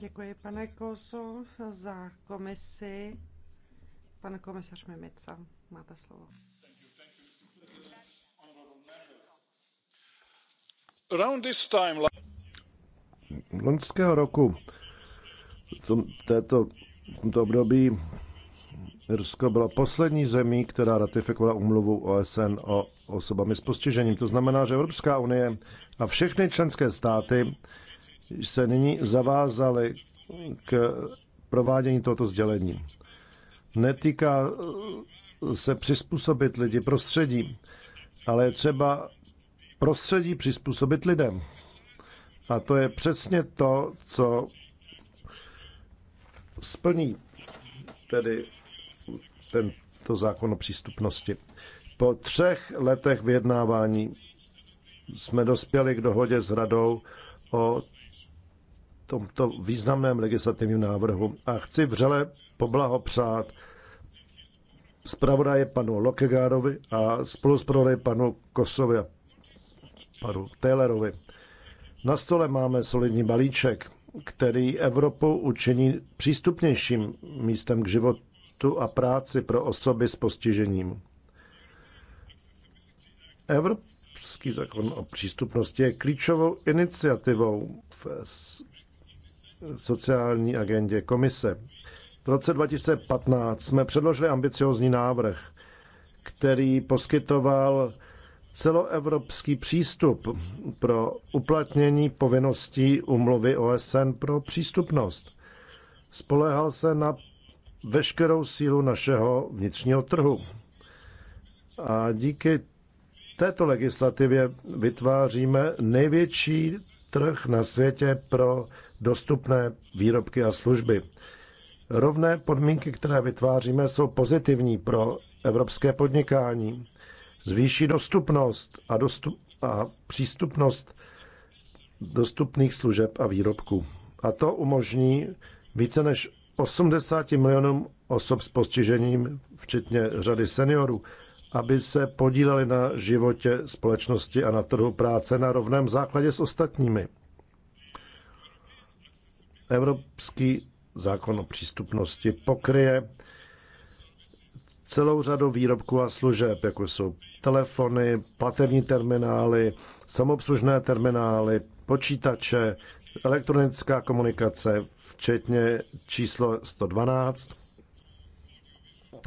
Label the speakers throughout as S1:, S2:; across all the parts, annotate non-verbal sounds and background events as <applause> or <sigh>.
S1: Děkuji, pane Koso, za komisi. Pan komisař Mimica, máte slovo.
S2: Loňského roku v tom, této, v tomto období Rusko bylo poslední zemí, která ratifikovala umluvu OSN o osobami s postižením. To znamená, že Evropská unie a všechny členské státy se nyní zavázali k provádění tohoto sdělení. Netýká eh, se přizpůsobit lidi prostředí, ale je třeba prostředí přizpůsobit lidem. A to je přesně to, co splní tedy tento zákon o přístupnosti. Po třech letech vyjednávání jsme dospěli k dohodě s radou o tomto významném legislativním návrhu a chci vřele poblahopřát zpravodaje panu Lokegárovi a spoluzpravodaje panu Kosovi a panu Taylorovi. Na stole máme solidní balíček, který Evropu učiní přístupnějším místem k životu a práci pro osoby s postižením. Evropský zákon o přístupnosti je klíčovou iniciativou v sociální agendě komise. V roce 2015 jsme předložili ambiciozní návrh, který poskytoval celoevropský přístup pro uplatnění povinností umluvy OSN pro přístupnost. Spolehal se na veškerou sílu našeho vnitřního trhu. A díky této legislativě vytváříme největší trh na světě pro dostupné výrobky a služby. Rovné podmínky, které vytváříme, jsou pozitivní pro evropské podnikání. Zvýší dostupnost a, dostup, a přístupnost dostupných služeb a výrobků. A to umožní více než 80 milionům osob s postižením, včetně řady seniorů, aby se podíleli na životě společnosti a na trhu práce na rovném základě s ostatními. Evropský zákon o přístupnosti pokryje celou řadu výrobků a služeb, jako jsou telefony, platební terminály, samobslužné terminály, počítače, elektronická komunikace, včetně číslo 112,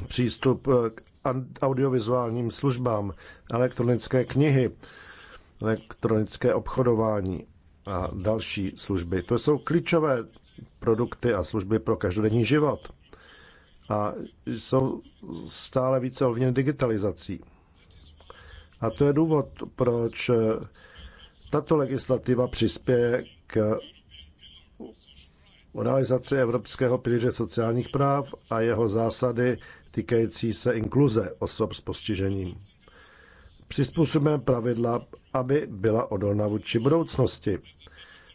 S2: přístup k audiovizuálním službám, elektronické knihy, elektronické obchodování a další služby. To jsou klíčové produkty a služby pro každodenní život. A jsou stále více ovlivněny digitalizací. A to je důvod, proč tato legislativa přispěje k realizaci Evropského pilíře sociálních práv a jeho zásady týkající se inkluze osob s postižením. Přizpůsobíme pravidla, aby byla odolná vůči budoucnosti.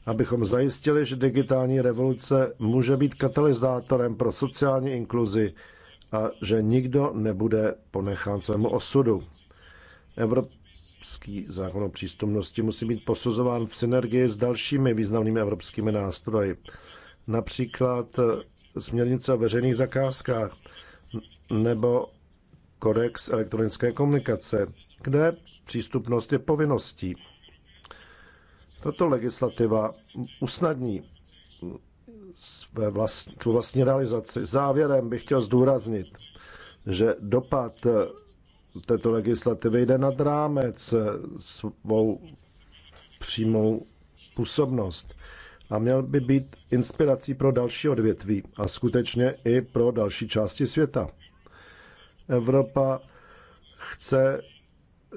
S2: Abychom zajistili, že digitální revoluce může být katalyzátorem pro sociální inkluzi a že nikdo nebude ponechán svému osudu. Evropský zákon o přístupnosti musí být posuzován v synergii s dalšími významnými evropskými nástroji, například směrnice o veřejných zakázkách, nebo kodex elektronické komunikace, kde přístupnost je povinností. Tato legislativa usnadní své vlastní, tu vlastní realizaci. Závěrem bych chtěl zdůraznit, že dopad této legislativy jde nad rámec svou přímou působnost a měl by být inspirací pro další odvětví a skutečně i pro další části světa. Evropa chce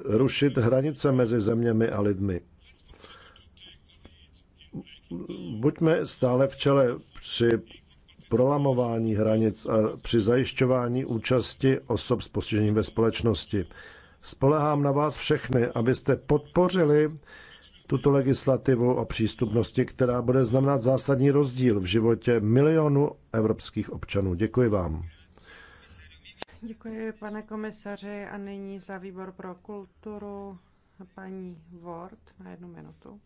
S2: rušit hranice mezi zeměmi a lidmi. Buďme stále v čele při prolamování hranic a při zajišťování účasti osob s postižením ve společnosti. Spolehám na vás všechny, abyste podpořili tuto legislativu o přístupnosti, která bude znamenat zásadní rozdíl v životě milionu evropských občanů. Děkuji vám.
S1: Děkuji, pane komisaři. A nyní za výbor pro kulturu paní Ward na jednu minutu.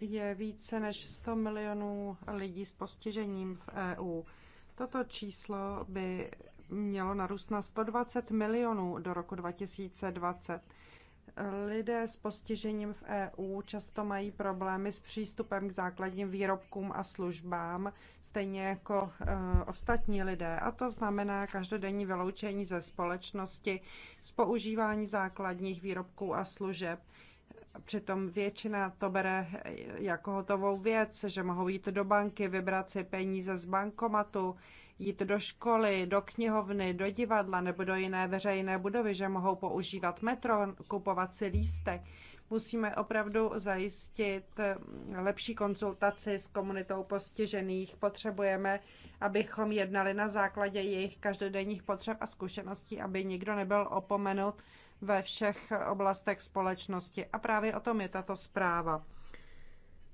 S1: Je více než 100 milionů lidí s postižením v EU. Toto číslo by mělo narůst na 120 milionů do roku 2020 lidé s postižením v EU často mají problémy s přístupem k základním výrobkům a službám, stejně jako e, ostatní lidé. A to znamená každodenní vyloučení ze společnosti z používání základních výrobků a služeb. Přitom většina to bere jako hotovou věc, že mohou jít do banky, vybrat si peníze z bankomatu, jít do školy, do knihovny, do divadla nebo do jiné veřejné budovy, že mohou používat metro, kupovat si lístek. Musíme opravdu zajistit lepší konzultaci s komunitou postižených. Potřebujeme, abychom jednali na základě jejich každodenních potřeb a zkušeností, aby nikdo nebyl opomenut ve všech oblastech společnosti. A právě o tom je tato zpráva.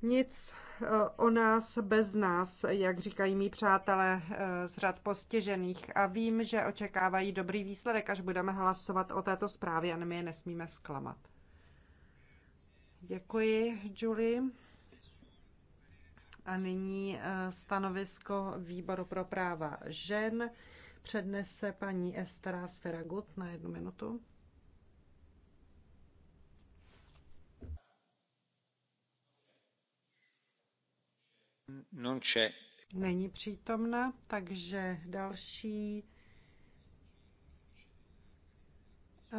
S1: Nic eh, o nás bez nás, jak říkají mý přátelé eh, z řad postižených. A vím, že očekávají dobrý výsledek, až budeme hlasovat o této zprávě a my je nesmíme zklamat. Děkuji, Julie. A nyní eh, stanovisko výboru pro práva žen přednese paní Estera Sferagut na jednu minutu. Není přítomna, takže další eh,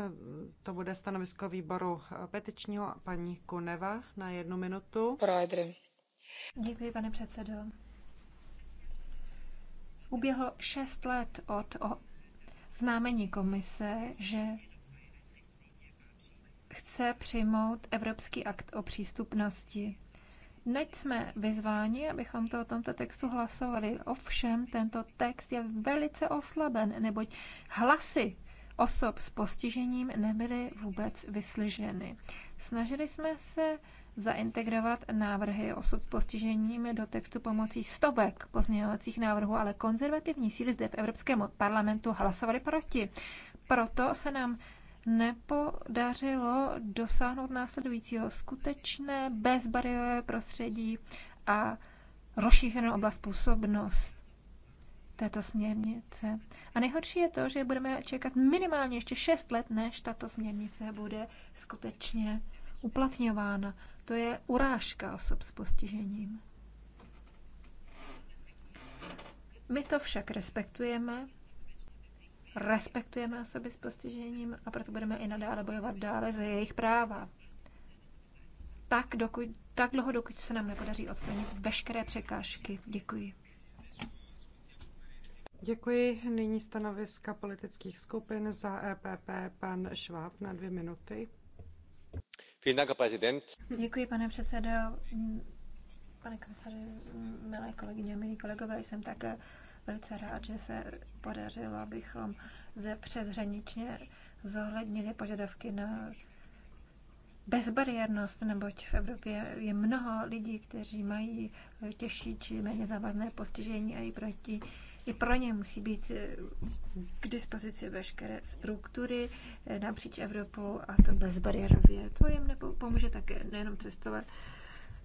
S1: to bude stanovisko výboru eh, petičního paní Kuneva na jednu minutu. Projedry.
S3: Děkuji, pane předsedo. Uběhlo šest let od o známení komise, že chce přijmout Evropský akt o přístupnosti. Neď jsme vyzváni, abychom to o tomto textu hlasovali. Ovšem, tento text je velice oslaben, neboť hlasy osob s postižením nebyly vůbec vyslyšeny. Snažili jsme se zaintegrovat návrhy osob s postižením do textu pomocí stovek pozměňovacích návrhů, ale konzervativní síly zde v Evropském parlamentu hlasovali proti. Proto se nám nepodařilo dosáhnout následujícího skutečné bezbariérové prostředí a rozšířenou oblast působnost této směrnice. A nejhorší je to, že budeme čekat minimálně ještě 6 let, než tato směrnice bude skutečně uplatňována. To je urážka osob s postižením. My to však respektujeme respektujeme osoby s postižením a proto budeme i nadále bojovat dále za jejich práva. Tak, dokud, tak dlouho, dokud se
S1: nám nepodaří odstranit veškeré překážky. Děkuji. Děkuji. Nyní stanoviska politických skupin za EPP pan Šváb na dvě minuty. Děkuji, pane předsedo.
S3: Pane komisaři, milé kolegyně, milí kolegové, jsem také velice rád, že se podařilo, abychom ze přeshraničně zohlednili požadavky na bezbariérnost, neboť v Evropě je mnoho lidí, kteří mají těžší či méně závazné postižení a i proti i pro ně musí být eh, k dispozici veškeré struktury eh, napříč Evropou a to bezbariérově. To jim nepomůže také nejenom cestovat,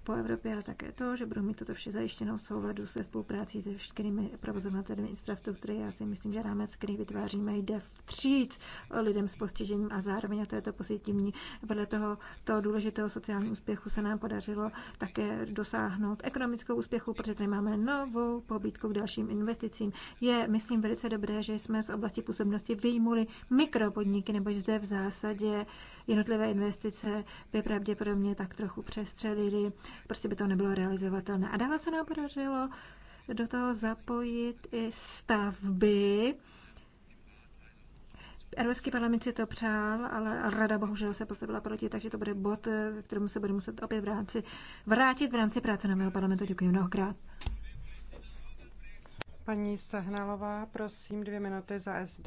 S3: po Evropě, ale také to, že budou mít toto vše zajištěno v souladu se spoluprácí se všemi provozovateli infrastruktury. Já si myslím, že rámec, který vytváříme, jde vstříc lidem s postižením a zároveň, a to je to pozitivní, vedle toho, toho důležitého sociálního úspěchu se nám podařilo také dosáhnout ekonomického úspěchu, protože tady máme novou pobídku k dalším investicím. Je, myslím, velice dobré, že jsme z oblasti působnosti vyjmuli mikropodniky, nebož zde v zásadě jednotlivé investice by pravděpodobně tak trochu přestřelili, prostě by to nebylo realizovatelné. A dále se nám podařilo do toho zapojit i stavby, Evropský parlament si to přál, ale rada bohužel se postavila proti, takže to bude bod, kterému se bude muset opět vrátit, vrátit v rámci práce na mého parlamentu. Děkuji mnohokrát.
S1: Paní Sehnalová, prosím, dvě minuty za SD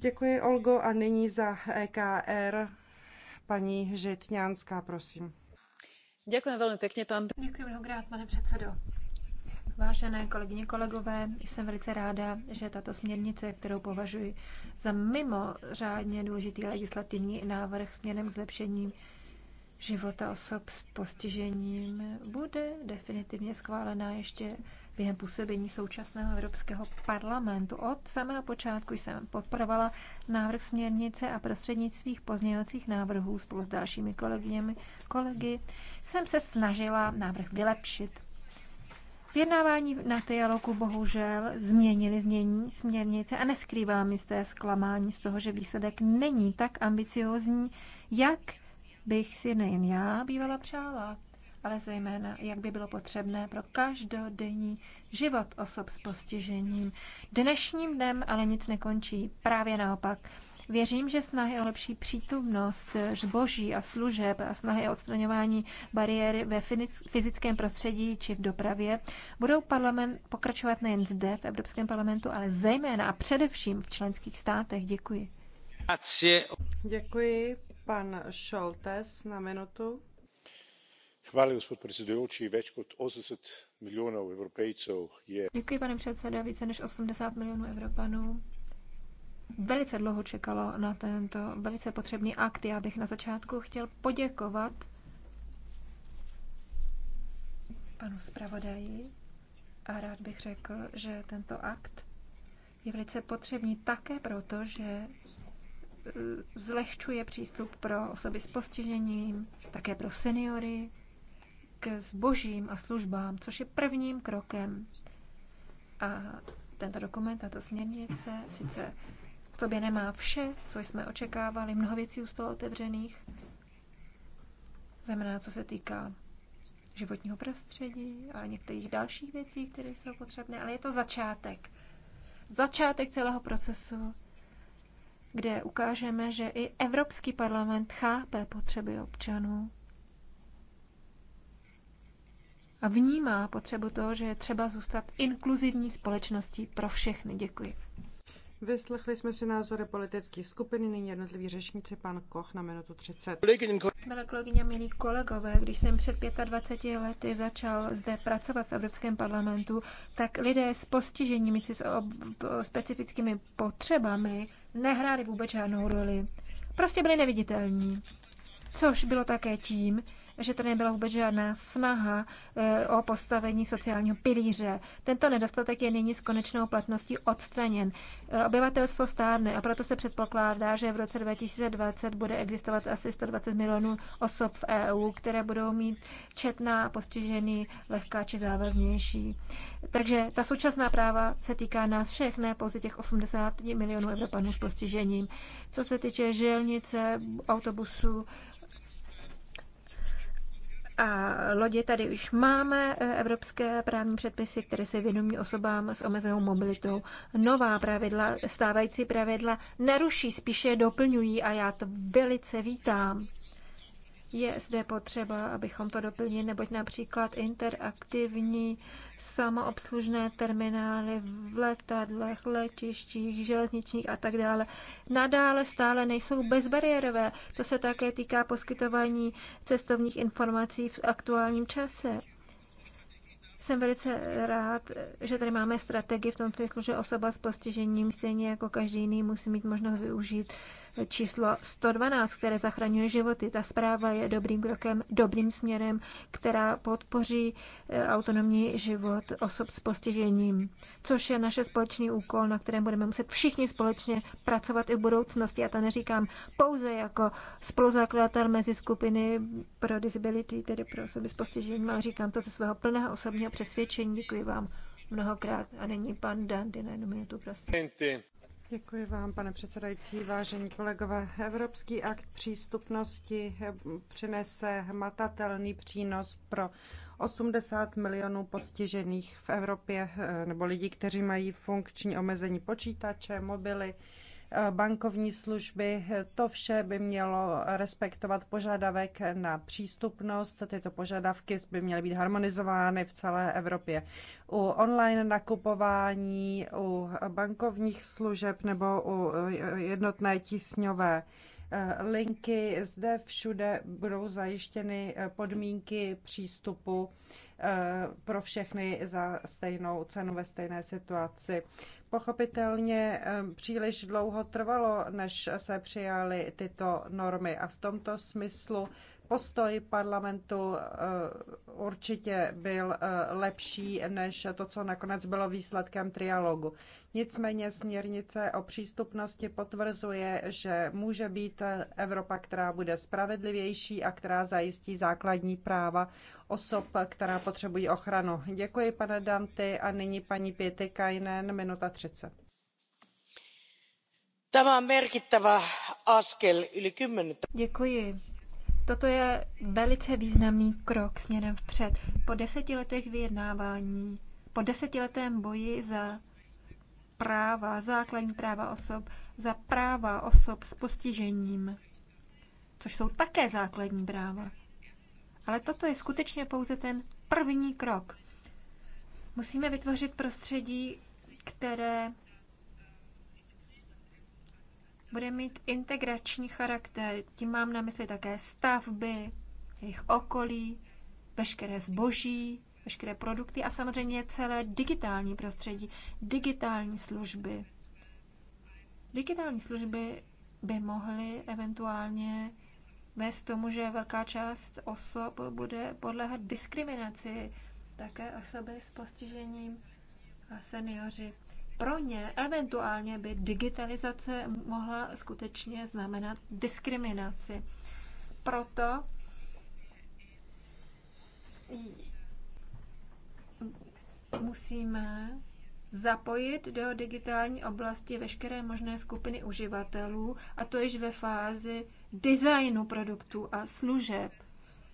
S1: Děkuji, Olgo, a nyní za e paní Žitňánská, prosím. Děkuji
S3: velmi pane předsedo. Vážené kolegyně, kolegové, jsem velice ráda, že tato směrnice, kterou považuji za mimořádně důležitý legislativní návrh směrem k zlepšení života osob s postižením, bude definitivně schválena ještě během působení současného Evropského parlamentu. Od samého počátku jsem podporovala návrh směrnice a prostřednictvím pozměňovacích návrhů spolu s dalšími kolegyněmi, kolegy jsem se snažila návrh vylepšit. Vědnávání na dialogu bohužel změnili změní směrnice a neskrývám jisté zklamání z toho, že výsledek není tak ambiciozní, jak bych si nejen já bývala přála ale zejména, jak by bylo potřebné pro každodenní život osob s postižením. Dnešním dnem ale nic nekončí, právě naopak. Věřím, že snahy o lepší přítomnost zboží a služeb a snahy o odstraňování bariéry ve fyzickém prostředí či v dopravě budou parlament pokračovat nejen zde v
S1: Evropském parlamentu, ale zejména a především v členských státech. Děkuji. Děkuji. Pan Šoltes na minutu
S2: gospod predsedujoči več kot osemdeset milijonov evropejcev je.
S1: Děkuji, pane předsedo.
S3: Více než 80 milionů Evropanů velice dlouho čekalo na tento velice potřebný akt. Já bych na začátku chtěl poděkovat panu zpravodaji a rád bych řekl, že tento akt je velice potřebný také proto, že eh, zlehčuje přístup pro osoby s postižením, také pro seniory, k zbožím a službám, což je prvním krokem. A tento dokument, tato směrnice, sice v sobě nemá vše, co jsme očekávali, mnoho věcí toho otevřených, znamená, co se týká životního prostředí a některých dalších věcí, které jsou potřebné, ale je to začátek. Začátek celého procesu, kde ukážeme, že i Evropský parlament chápe potřeby občanů a vnímá potřebu toho, že je třeba zůstat inkluzivní společností pro všechny. Děkuji.
S1: Vyslechli jsme si názory politických skupin, nyní jednotliví řečníci, pan Koch na minutu 30. Milé kolegyně, milí kolegové, když jsem před
S3: 25 lety začal zde pracovat v Evropském parlamentu, tak lidé s postiženími, s specifickými potřebami nehráli vůbec žádnou roli. Prostě byli neviditelní. Což bylo také tím, že to nebyla vůbec žádná snaha eh, o postavení sociálního pilíře. Tento nedostatek je nyní s konečnou platností odstraněn. Eh, obyvatelstvo stárne a proto se předpokládá, že v roce 2020 bude existovat asi 120 milionů osob v EU, které budou mít četná, postižený, lehká či závaznější. Takže ta současná práva se týká nás všech, ne pouze těch 80 milionů Evropanů s postižením. Co se týče želnice, autobusů, a lodě tady už máme e, evropské právní předpisy, které se věnují osobám s omezenou mobilitou. Nová pravidla, stávající pravidla neruší, spíše je doplňují a já to velice vítám. Je zde potřeba, abychom to doplnili, neboť například interaktivní samoobslužné terminály v letadlech, letištích, železničních a tak dále. Nadále stále nejsou bezbariérové. To se také týká poskytování cestovních informací v aktuálním čase. Jsem velice rád, že tady máme strategii v tom smyslu, že osoba s postižením stejně jako každý jiný musí mít možnost využít uh, číslo 112, které zachraňuje životy. Ta zpráva je dobrým krokem, dobrým směrem, která podpoří eh, autonomní život osob s postižením, což je naše společný úkol, na kterém budeme muset všichni společně pracovat i v budoucnosti. Já to neříkám pouze jako spoluzakladatel mezi skupiny pro disability, tedy pro osoby s postižením, ale říkám to ze svého plného osobního přesvědčení. Děkuji vám mnohokrát a není pan
S1: Dandy na jednu minutu, prosím. Děkuji vám, pane předsedající, vážení kolegové. Evropský akt přístupnosti eh, přinese hmatatelný přínos pro 80 milionů postižených v Evropě eh, nebo lidí, kteří mají funkční omezení počítače, mobily, bankovní služby. To vše by mělo respektovat požadavek na přístupnost. Tyto požadavky by měly být harmonizovány v celé Evropě. U online nakupování, u bankovních služeb nebo u jednotné tisňové linky. Zde všude budou zajištěny podmínky přístupu Eh, pro všechny za stejnou cenu ve stejné situaci. Pochopitelně eh, příliš dlouho trvalo, než se přijaly tyto normy a v tomto smyslu postoj parlamentu eh, určitě byl eh, lepší než to, co nakonec bylo výsledkem trialogu. Nicméně směrnice o přístupnosti potvrzuje, že může být eh, Evropa, která bude spravedlivější a která zajistí základní práva osob, která potřebují ochranu. Děkuji, pane Danty, a nyní paní Pěty Kajnen, minuta 30. Tämä on merkittävä askel yli 10.
S3: Děkuji Toto je velice významný krok směrem vpřed. Po deseti letech vyjednávání, po desetiletém boji za práva, základní práva osob, za práva osob s postižením, což jsou také základní práva. Ale toto je skutečně pouze ten první krok. Musíme vytvořit prostředí, které bude mít integrační charakter. Tím mám na mysli také stavby, jejich okolí, veškeré zboží, veškeré produkty a samozřejmě celé digitální prostředí, digitální služby. Digitální služby by mohly eventuálně vést tomu, že velká část osob bude podléhat diskriminaci, také osoby s postižením a seniori pro ně eventuálně by digitalizace mohla skutečně znamenat diskriminaci. Proto musíme zapojit do digitální oblasti veškeré možné skupiny uživatelů, a to již ve fázi designu produktů a služeb.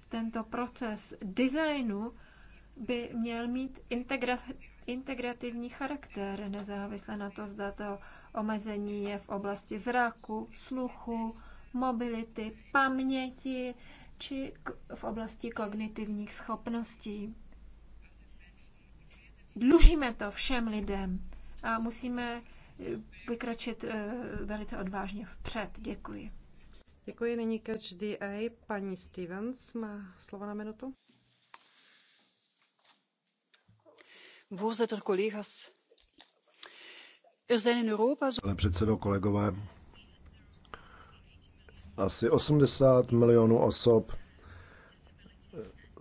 S3: Tento proces designu by měl mít integraci integrativní charakter, nezávisle na to, zda to omezení je v oblasti zraku, sluchu, mobility, paměti či v oblasti kognitivních schopností. Dlužíme to všem lidem
S1: a musíme eh, vykročit eh, velice odvážně vpřed. Děkuji. Děkuji, nyní catch the eye. Paní Stevens má slovo na minutu. Er
S2: pane předsedající kolegové asi 80 milionů osob eh,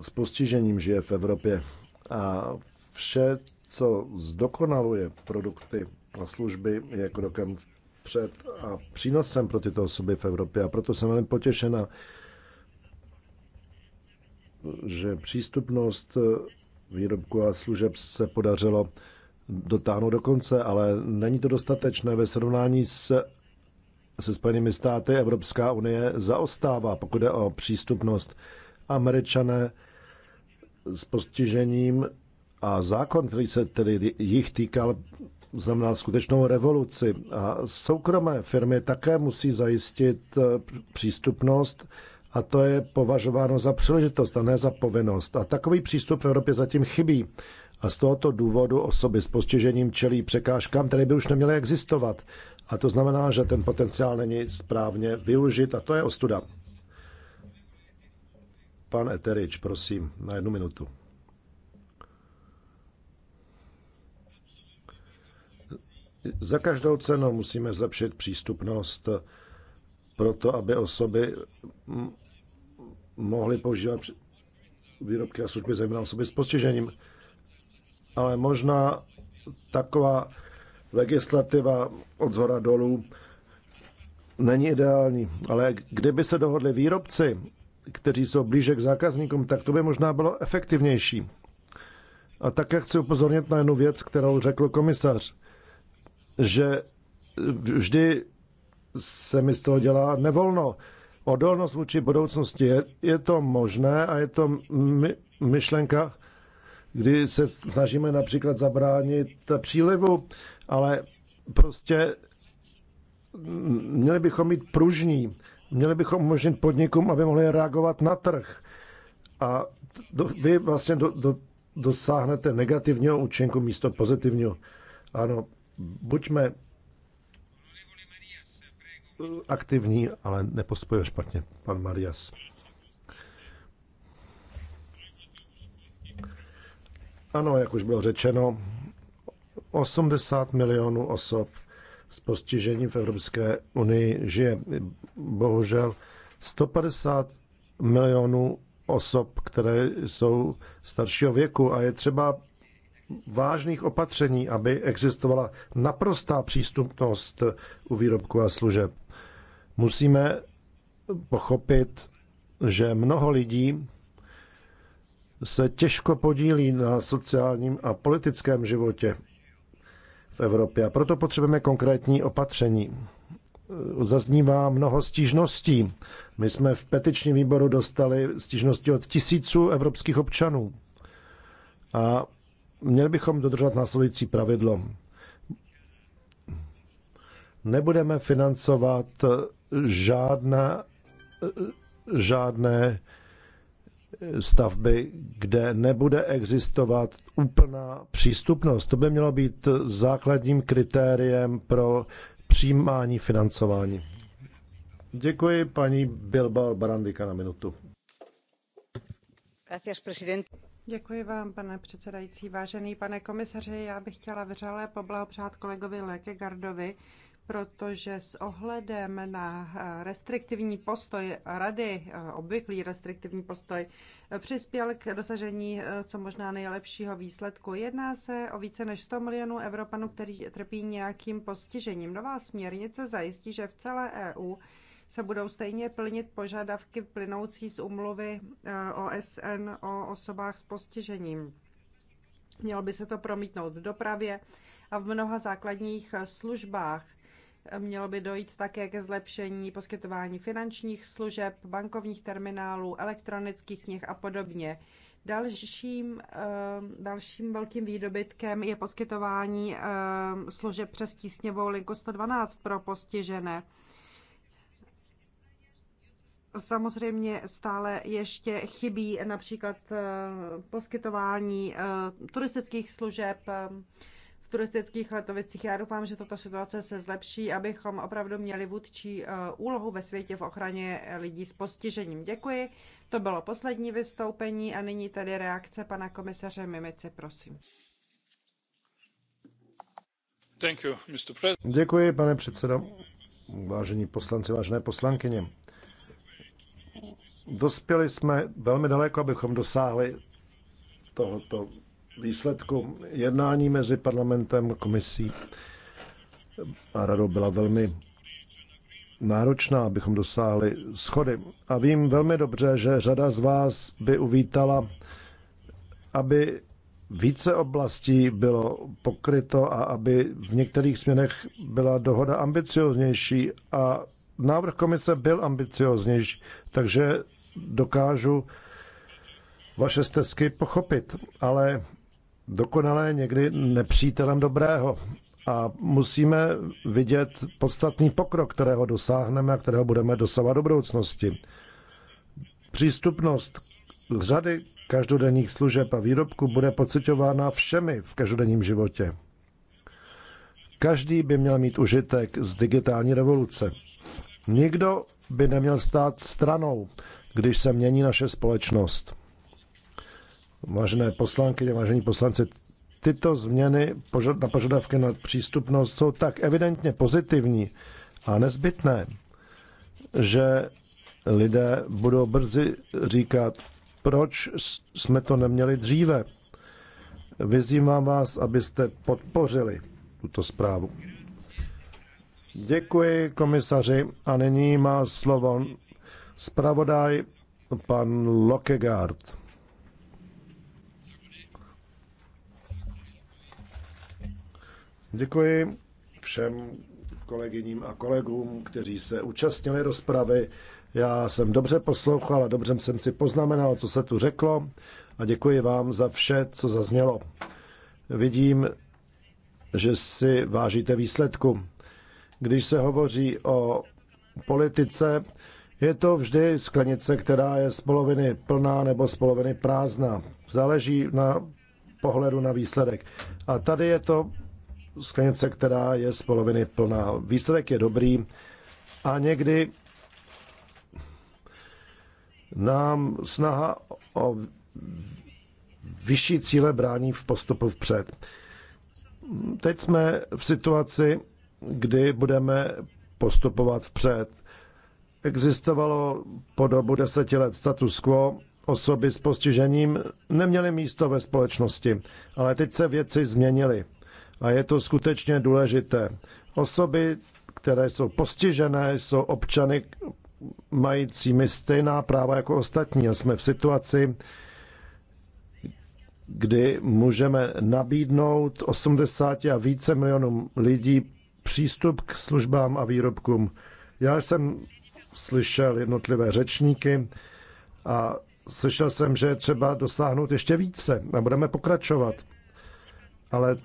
S2: s postižením žije v Evropě a vše, co zdokonaluje produkty a služby, je krokem před a přínosem pro tyto osoby v Evropě. A proto jsem velmi potěšena, že přístupnost eh, výrobku a služeb se podařilo dotáhnout do konce, ale není to dostatečné ve srovnání s se Spojenými státy Evropská unie zaostává, pokud je o přístupnost. Američané s postižením a zákon, který se tedy jich týkal, znamená skutečnou revoluci. A soukromé firmy také musí zajistit přístupnost a to je považováno za příležitost a ne za povinnost. A takový přístup v Evropě zatím chybí. A z tohoto důvodu osoby s postižením čelí překážkám, které by už neměly existovat. A to znamená, že ten potenciál není správně využit a to je ostuda. Pan Eterič, prosím, na jednu minutu. Za každou cenu musíme zlepšit přístupnost proto, aby osoby mohly používat výrobky a služby, zejména osoby s postižením. Ale možná taková legislativa od zhora dolů není ideální. Ale kdyby se dohodli výrobci, kteří jsou blíže k zákazníkům, tak to by možná bylo efektivnější. A také chci upozornit na jednu věc, kterou řekl komisař, že vždy se mi z toho dělá nevolno. Odolnost vůči budoucnosti je, je to možné a je to my, myšlenka, kdy se snažíme například zabránit přílivu, ale prostě měli bychom být pružní, měli bychom umožnit podnikům, aby mohli reagovat na trh. A do, vy vlastně do, do, dosáhnete negativního účinku místo pozitivního. Ano, buďme aktivní, ale nepospojil špatně. Pan Marias. Ano, jak už bylo řečeno, 80 milionů osob s postižením v Evropské unii žije. Bohužel 150 milionů osob, které jsou staršího věku a je třeba vážných opatření, aby existovala naprostá přístupnost u výrobku a služeb. Musíme pochopit, že mnoho lidí se těžko podílí na sociálním a politickém životě v Evropě a proto potřebujeme konkrétní opatření. Zaznívá mnoho stížností. My jsme v petičním výboru dostali stížnosti od tisíců evropských občanů. A měli bychom dodržovat následující pravidlo. Nebudeme financovat žádná, žádné stavby, kde nebude existovat úplná přístupnost. To by mělo být základním kritériem pro přijímání financování. Děkuji paní Bilbao Barandika na minutu.
S1: Děkuji vám, pane předsedající. Vážený pane komisaři, já bych chtěla vřele poblahopřát kolegovi Lekegardovi, Gardovi protože s ohledem na restriktivní postoj rady, obvyklý restriktivní postoj, přispěl k dosažení eh, co možná nejlepšího výsledku. Jedná se o více než 100 milionů Evropanů, kteří trpí nějakým postižením. Nová směrnice zajistí, že v celé EU se budou stejně plnit požadavky plynoucí z umluvy eh, OSN o osobách s postižením. Mělo by se to promítnout v dopravě a v mnoha základních eh, službách. Mělo by dojít také ke zlepšení poskytování finančních služeb, bankovních terminálů, elektronických knih a podobně. Dalším, eh, dalším velkým výdobytkem je poskytování eh, služeb přes tísněvou linku 112 pro postižené. Samozřejmě stále ještě chybí například eh, poskytování turistických služeb, turistických letovicích. Já doufám, že tato situace se zlepší, abychom opravdu měli vůdčí eh, úlohu ve světě v ochraně lidí s postižením. Děkuji. To bylo poslední vystoupení a nyní tedy reakce pana komisaře Mimice, prosím.
S2: Děkuji, pane předsedo. Vážení poslanci, vážené poslankyně. Dospěli jsme velmi daleko, abychom dosáhli tohoto výsledku jednání mezi parlamentem, komisí a radou byla velmi náročná, abychom dosáhli schody. A vím velmi dobře, že řada z vás by uvítala, aby více oblastí bylo pokryto a aby v některých směrech byla dohoda ambicioznější a návrh komise byl ambicioznější, takže dokážu vaše stezky pochopit, ale dokonalé, někdy nepřítelem dobrého. A musíme vidět podstatný pokrok, kterého dosáhneme a kterého budeme dosávat do budoucnosti. Přístupnost řady každodenních služeb a výrobků bude pocitována všemi v každodenním životě. Každý by měl mít užitek z digitální revoluce. Nikdo by neměl stát stranou, když se mění naše společnost. Vážené poslankyně, vážení poslanci, tyto změny na požadavky na přístupnost jsou tak evidentně pozitivní a nezbytné, že lidé budou brzy říkat, proč jsme to neměli dříve. Vyzývám vás, abyste podpořili tuto zprávu. Děkuji komisaři a nyní má slovo zpravodaj pan Lokegard. Děkuji všem kolegyním a kolegům, kteří se účastnili rozpravy. Já jsem dobře poslouchal a dobře jsem si poznamenal, co se tu řeklo a děkuji vám za vše, co zaznělo. Vidím, že si vážíte výsledku. Když se hovoří o politice, je to vždy sklenice, která je z poloviny plná nebo z poloviny prázdná. Záleží na pohledu na výsledek. A tady je to sklenice, která je z poloviny plná. Výsledek je dobrý a někdy nám snaha o vyšší cíle brání v postupu vpřed. Teď jsme v situaci, kdy budeme postupovat vpřed. Existovalo po dobu deseti let status quo, osoby s postižením neměly místo ve společnosti, ale teď se věci změnily. A je to skutečně důležité. Osoby, které jsou postižené, jsou občany majícími stejná práva jako ostatní. A jsme v situaci, kdy můžeme nabídnout 80 a více milionům lidí přístup k službám a výrobkům. Já jsem slyšel jednotlivé řečníky a slyšel jsem, že je třeba dosáhnout ještě více a budeme pokračovat. Ale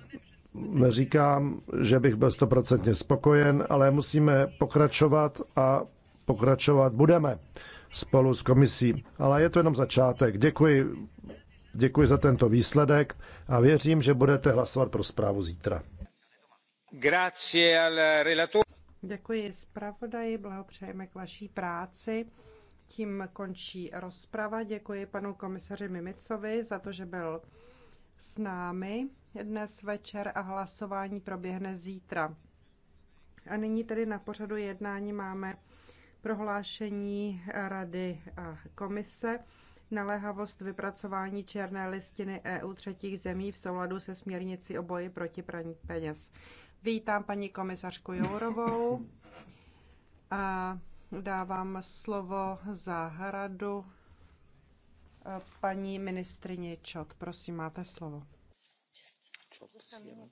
S2: neříkám, že bych byl stoprocentně spokojen, ale musíme pokračovat a pokračovat budeme spolu s komisí. Ale je to jenom začátek. Děkuji, děkuji za tento výsledek a věřím, že budete hlasovat pro zprávu zítra.
S1: Děkuji zpravodaji, blahopřejeme k vaší práci. Tím končí rozprava. Děkuji panu komisaři Mimicovi za to, že byl s námi dnes večer a hlasování proběhne zítra. A nyní tedy na pořadu jednání máme prohlášení Rady a komise naléhavost vypracování černé listiny EU třetích zemí v souladu se směrnici o boji proti praní peněz. Vítám paní komisařku Jourovou a dávám slovo za hradu paní ministrině Čot. Prosím, máte slovo. Zastaneme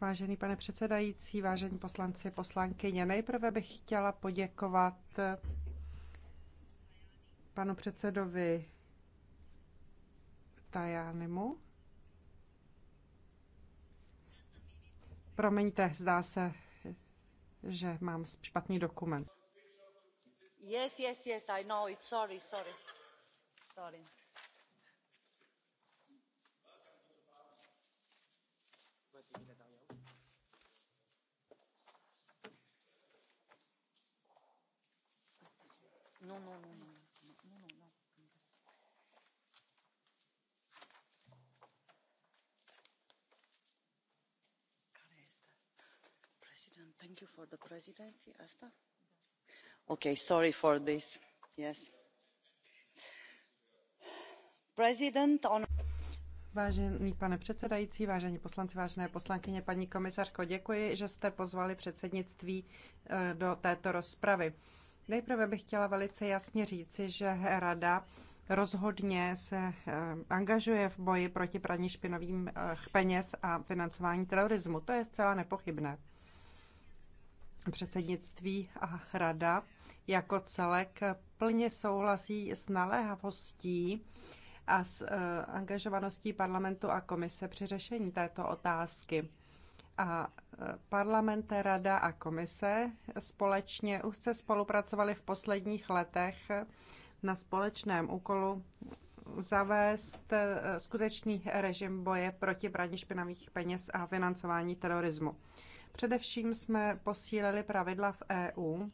S1: Vážený pane předsedající, vážení poslanci, poslankyně, nejprve bych chtěla poděkovat eh, panu předsedovi Tajanimu. Promiňte, zdá se, že mám špatný dokument.
S4: Yes, yes, yes, I know it. Sorry, sorry. Sorry. No, no, no. thank you asta sorry
S1: president Vážený pane předsedající, vážení poslanci, vážené poslankyně, paní komisařko, děkuji, že jste pozvali předsednictví eh, do této rozpravy. Nejprve bych chtěla velice jasně říci, že Rada rozhodně se eh, angažuje v boji proti praní špinavých eh, peněz a financování terorismu. To je zcela nepochybné předsednictví a rada jako celek plně souhlasí s naléhavostí a s eh, angažovaností parlamentu a komise při řešení této otázky. A eh, parlament, rada a komise společně úzce spolupracovali v posledních letech na společném úkolu zavést eh, skutečný režim boje proti praní špinavých peněz a financování terorismu. Především jsme posílili pravidla v EU,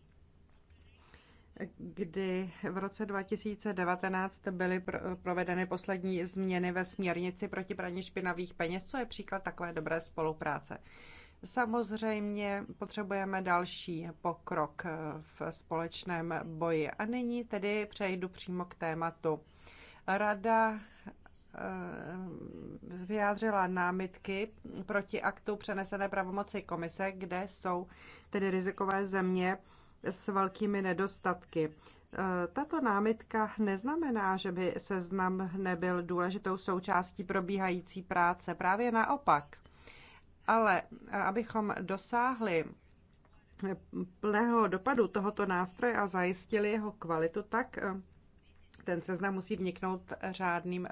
S1: kdy v roce 2019 byly provedeny poslední změny ve směrnici proti praní špinavých peněz, co je příklad takové dobré spolupráce. Samozřejmě potřebujeme další pokrok v společném boji. A nyní tedy přejdu přímo k tématu. Rada Eh, vyjádřila námitky proti aktu přenesené pravomoci komise, kde jsou tedy rizikové země s velkými nedostatky. Eh, tato námitka neznamená, že by seznam nebyl důležitou součástí probíhající práce, právě naopak. Ale eh, abychom dosáhli plného dopadu tohoto nástroje a zajistili jeho kvalitu, tak ten seznam musí vniknout řádným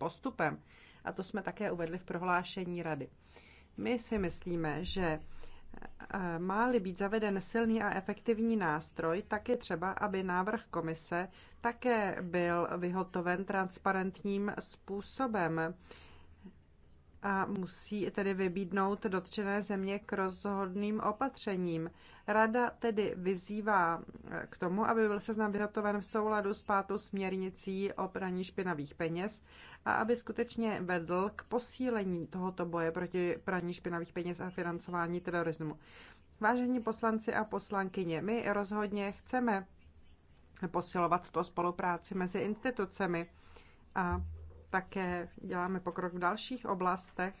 S1: postupem. A to jsme také uvedli v prohlášení rady. My si myslíme, že eh, má-li být zaveden silný a efektivní nástroj, tak je třeba, aby návrh komise také byl vyhotoven transparentním způsobem a musí tedy vybídnout dotčené země k rozhodným opatřením. Rada tedy vyzývá eh, k tomu, aby byl seznam vyhotoven v souladu s pátou směrnicí o praní špinavých peněz a aby skutečně vedl k posílení tohoto boje proti praní špinavých peněz a financování terorismu. Vážení poslanci a poslankyně, my rozhodně chceme posilovat to spolupráci mezi institucemi a také děláme pokrok v dalších oblastech.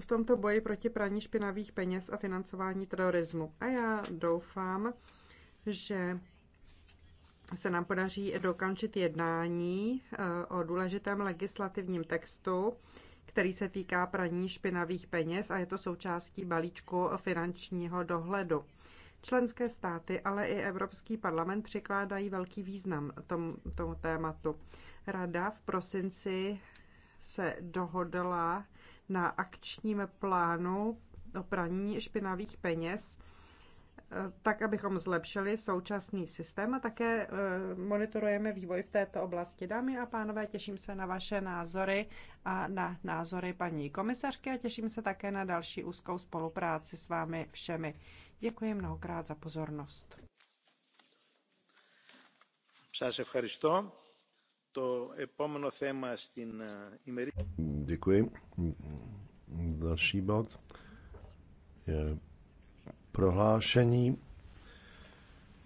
S1: V tomto boji proti praní špinavých peněz a financování terorismu. A já doufám, že se nám podaří dokončit jednání eh, o důležitém legislativním textu, který se týká praní špinavých peněz a je to součástí balíčku finančního dohledu. Členské státy, ale i Evropský parlament přikládají velký význam tom, tomu tématu. Rada v prosinci se dohodla na akčním plánu o praní špinavých peněz, eh, tak abychom zlepšili současný systém a také eh, monitorujeme vývoj v této oblasti. Dámy a pánové, těším se na vaše názory a na názory paní komisařky a těším se také na další úzkou spolupráci s vámi všemi. Děkuji mnohokrát za pozornost.
S2: Děkuji. Další bod je prohlášení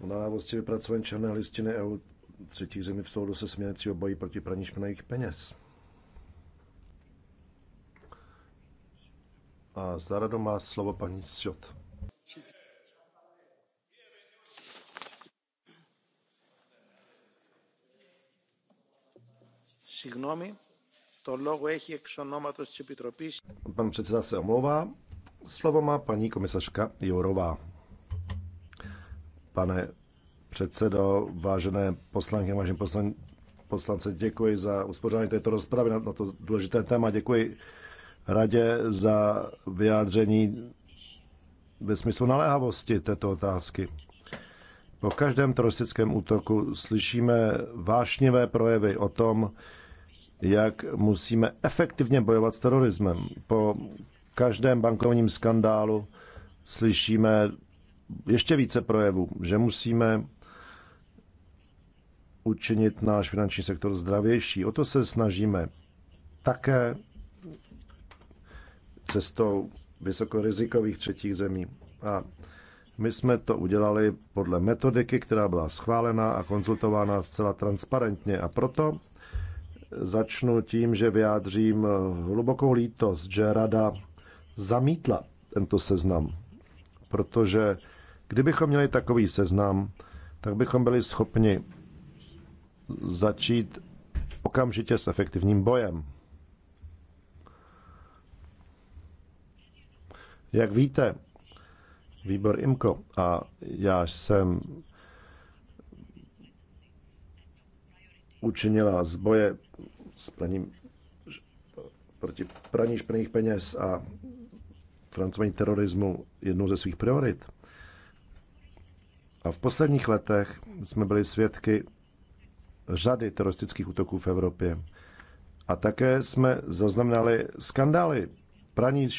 S2: o nalévosti vypracování černé listiny EU třetích zemí v soudu se směrnicí o proti praní špinavých peněz. A za má slovo paní Sjot. Pan předseda se omlouvá. Slovo má paní komisařka Jourová. Pane předsedo, vážené poslanky, vážení poslan, poslance, děkuji za uspořádání této rozpravy na, na to důležité téma. Děkuji radě za vyjádření ve smyslu naléhavosti této otázky. Po každém teroristickém útoku slyšíme vášnivé projevy o tom, jak musíme efektivně bojovat s terorismem. Po každém bankovním skandálu slyšíme ještě více projevů, že musíme učinit náš finanční sektor zdravější. O to se snažíme také cestou vysokorizikových třetích zemí. A my jsme to udělali podle metodiky, která byla schválena a konzultována zcela transparentně. A proto Začnu tím, že vyjádřím hlubokou lítost, že rada zamítla tento seznam, protože kdybychom měli takový seznam, tak bychom byli schopni začít okamžitě s efektivním bojem. Jak víte, výbor IMCO a já jsem učinila z boje s praním, proti praní špiných peněz a financování terorismu jednou ze svých priorit. A v posledních letech jsme byli svědky řady teroristických útoků v Evropě. A také jsme zaznamenali skandály praní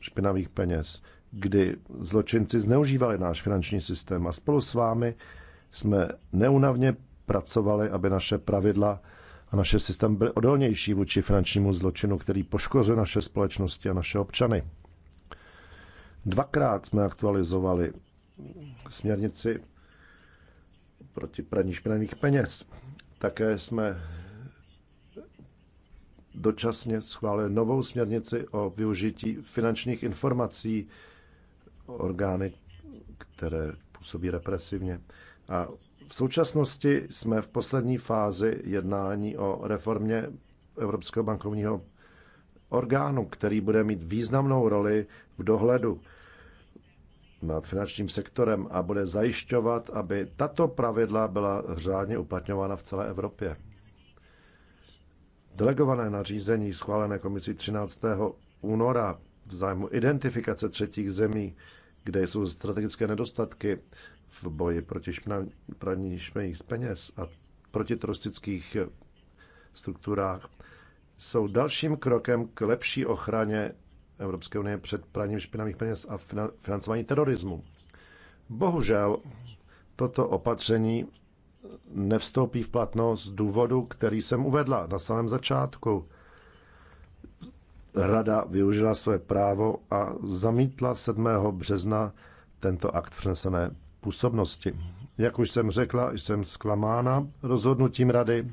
S2: špinavých peněz, kdy zločinci zneužívali náš finanční systém a spolu s vámi jsme neunavně pracovali, aby naše pravidla a naše systém byl odolnější vůči finančnímu zločinu, který poškozuje naše společnosti a naše občany. Dvakrát jsme aktualizovali směrnici proti praní špinavých peněz. Také jsme dočasně schválili novou směrnici o využití finančních informací orgány, které působí represivně. A v současnosti jsme v poslední fázi jednání o reformě Evropského bankovního orgánu, který bude mít významnou roli v dohledu nad finančním sektorem a bude zajišťovat, aby tato pravidla byla řádně uplatňována v celé Evropě. Delegované nařízení schválené komisí 13. února v zájmu identifikace třetích zemí, kde jsou strategické nedostatky v boji proti praní z peněz a protiteroristických strukturách jsou dalším krokem k lepší ochraně Evropské unie před praním špinavých peněz a financování terorismu. Bohužel toto opatření nevstoupí v platnost z důvodu, který jsem uvedla na samém začátku. Rada využila své právo a zamítla 7. března tento akt přenesené působnosti. Jak už jsem řekla, jsem zklamána rozhodnutím rady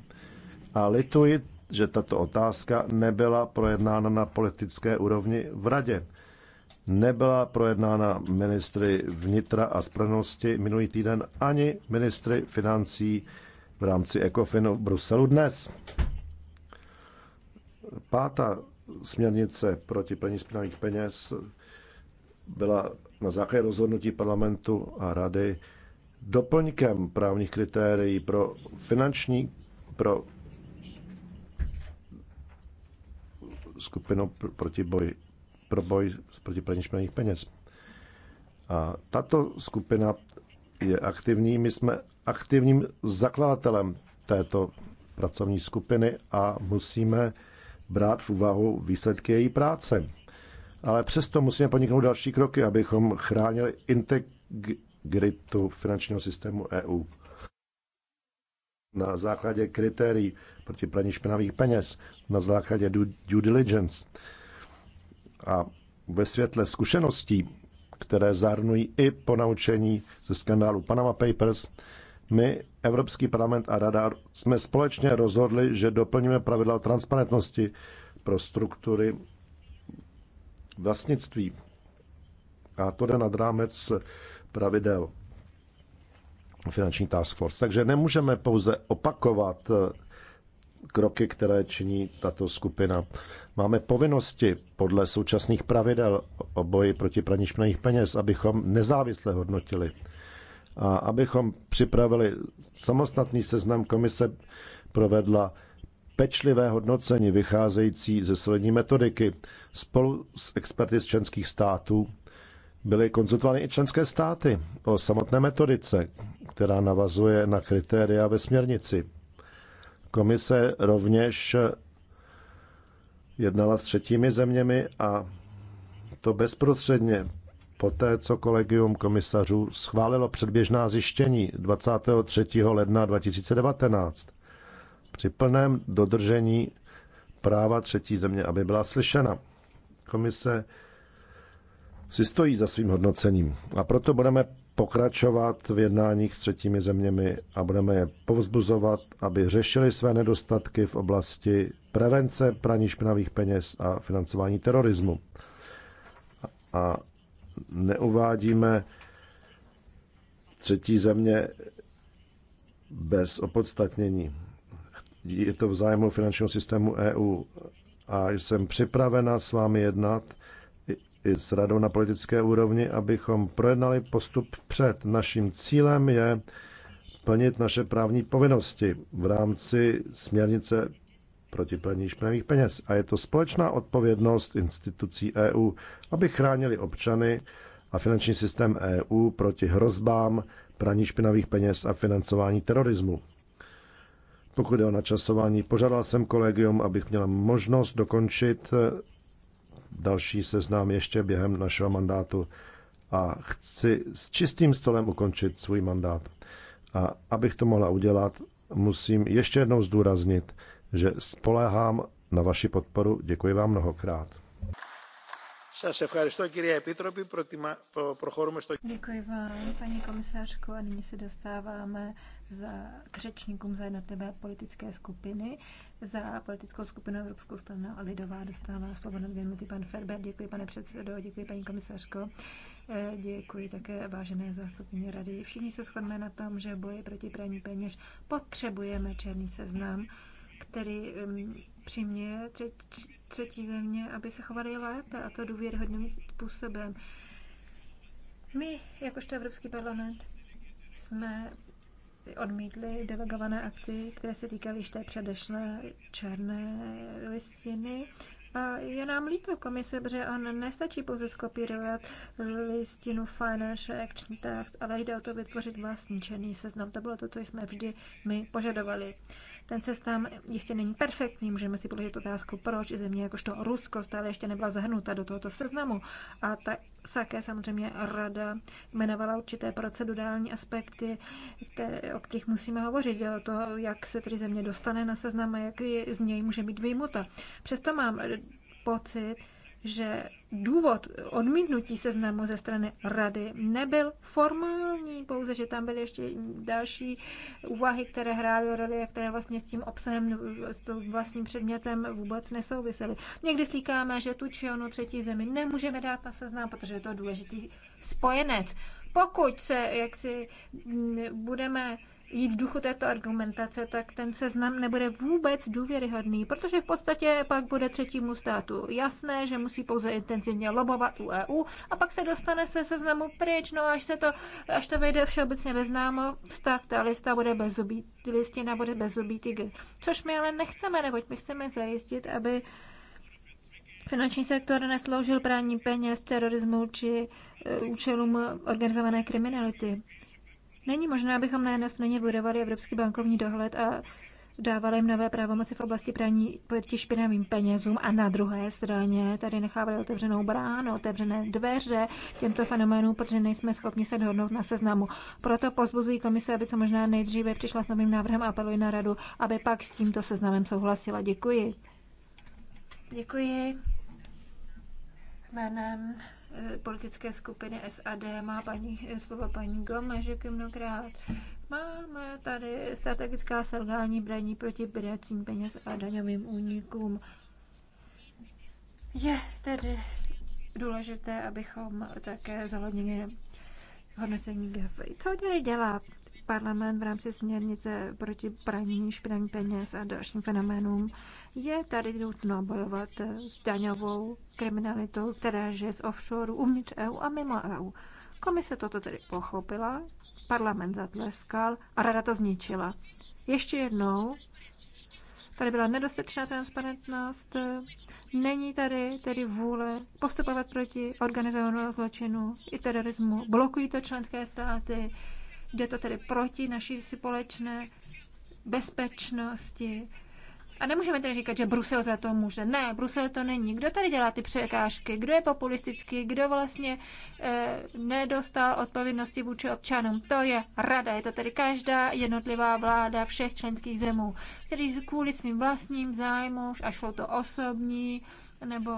S2: a lituji, že tato otázka nebyla projednána na politické úrovni v radě. Nebyla projednána ministry vnitra a spravedlnosti minulý týden ani ministry financí v rámci ECOFINu v Bruselu dnes. Pátá směrnice proti praní špinavých peněz byla na základě rozhodnutí parlamentu a rady doplňkem právních kritérií pro finanční, pro skupinu proti boj pro boj proti praní špinavých peněz. A tato skupina je aktivní. My jsme aktivním zakladatelem této pracovní skupiny a musíme brát v úvahu výsledky její práce ale přesto musíme podniknout další kroky, abychom chránili integritu finančního systému EU na základě kritérií proti praní špinavých peněz, na základě due diligence a ve světle zkušeností, které zahrnují i ponaučení ze skandálu Panama Papers, my, Evropský parlament a Rada, jsme společně rozhodli, že doplníme pravidla o transparentnosti pro struktury vlastnictví. A to jde nad rámec pravidel finanční task force. Takže nemůžeme pouze opakovat eh, kroky, které činí tato skupina. Máme povinnosti podle současných pravidel o boji proti praní špinavých peněz, abychom nezávisle hodnotili a abychom připravili samostatný seznam komise provedla pečlivé hodnocení vycházející ze solidní metodiky. Spolu s experty z členských států byly konzultovány i členské státy o samotné metodice, která navazuje na kritéria ve směrnici. Komise rovněž jednala s třetími zeměmi a to bezprostředně poté, co kolegium komisařů schválilo předběžná zjištění 23. ledna 2019 při plném dodržení práva třetí země, aby byla slyšena. Komise si stojí za svým hodnocením a proto budeme pokračovat v jednáních s třetími zeměmi a budeme je povzbuzovat, aby řešili své nedostatky v oblasti prevence praní špinavých peněz a financování terorismu. A neuvádíme třetí země bez opodstatnění. Je to v zájmu finančního systému EU a jsem připravena s vámi jednat i s radou na politické úrovni, abychom projednali postup před. Naším cílem je plnit naše právní povinnosti v rámci směrnice proti praní špinavých peněz. A je to společná odpovědnost institucí EU, aby chránili občany a finanční systém EU proti hrozbám praní špinavých peněz a financování terorismu. Pokud je o načasování, požádal jsem kolegium, abych měl možnost dokončit další seznám ještě během našeho mandátu a chci s čistým stolem ukončit svůj mandát. A abych to mohla udělat, musím ještě jednou zdůraznit, že spolehám na vaši podporu. Děkuji vám mnohokrát.
S3: Děkuji vám, paní komisářko, a nyní se dostáváme za, k řečníkům za jednotlivé politické skupiny. Za politickou skupinu Evropskou stranu Lidová dostává slovo na dvě minuty pan Ferber. Děkuji, pane předsedo, děkuji, paní komisařko. Eh, děkuji také vážené zástupně rady. Všichni se shodneme na tom, že boji proti praní peněz potřebujeme černý seznam, který přiměje třetí země, aby se chovali lépe a to důvěrhodným způsobem. My, jakožto Evropský parlament, jsme odmítli delegované akty, které se týkaly již té předešlé černé listiny. A je nám líto komise, protože on nestačí pouze skopírovat listinu Financial Action Tax, ale jde o to vytvořit vlastní černý seznam. To bylo to, co jsme vždy my požadovali. Ten systém jistě není perfektní, můžeme si položit otázku, proč země jakožto Rusko stále ještě nebyla zahrnuta do tohoto seznamu. A ta také samozřejmě rada jmenovala určité procedurální aspekty, které, o kterých musíme hovořit, o to, jak se tedy země dostane na seznam a jak z něj může být vyjmuta. Přesto mám pocit, že důvod odmítnutí seznamu ze strany rady nebyl formální, pouze, že tam byly ještě další úvahy, které hrály roli a které vlastně s tím obsahem, s tím vlastním předmětem vůbec nesouvisely. Někdy slíkáme, že tu či onu třetí zemi nemůžeme dát na seznam, protože je to důležitý spojenec. Pokud se jak si mm, budeme jít v duchu této argumentace, tak ten seznam nebude vůbec důvěryhodný, protože v podstatě pak bude třetímu státu jasné, že musí pouze intenzivně lobovat u EU a pak se dostane se seznamu pryč, no až, se to, až to vejde všeobecně beznámo, vztah ta lista bude bezubý, listina bude bez tygr. Což my ale nechceme, neboť my chceme zajistit, aby Finanční sektor nesloužil prání peněz, terorismu či e, účelům organizované kriminality. Není možné, abychom na jedné straně budovali evropský bankovní dohled a dávali jim nové pravomoci v oblasti praní pojetí špinavým penězům a na druhé straně tady nechávali otevřenou bránu, otevřené dveře těmto fenoménům, protože nejsme schopni se dohodnout na seznamu. Proto pozbuzují komise, aby co možná nejdříve přišla s novým návrhem a apeluji na radu, aby pak s tímto seznamem souhlasila. Děkuji. Děkuji. Jménem eh, politické skupiny SAD má paní, eh, slovo paní Gomež mnohokrát. Máme tady strategická selhání braní proti piracím peněz a daňovým únikům. Je tedy důležité, abychom také zahodnili hodnocení GFI. Co tedy dělat? parlament v rámci směrnice proti praní špinavých peněz a dalším fenoménům, je tady nutno bojovat s daňovou kriminalitou, která je z offshore uvnitř EU a mimo EU. Komise toto tedy pochopila, parlament zatleskal a rada to zničila. Ještě jednou, tady byla nedostatečná transparentnost, není tady tedy vůle postupovat proti organizovanému zločinu i terorismu. Blokují to členské státy, Jde to tedy proti naší společné bezpečnosti. A nemůžeme tedy říkat, že Brusel za to může. Ne, Brusel to není. Kdo tady dělá ty překážky? Kdo je populistický? Kdo vlastně e, nedostal odpovědnosti vůči občanům? To je rada. Je to tedy každá jednotlivá vláda všech členských zemů, kteří kvůli svým vlastním zájmům, až jsou to osobní nebo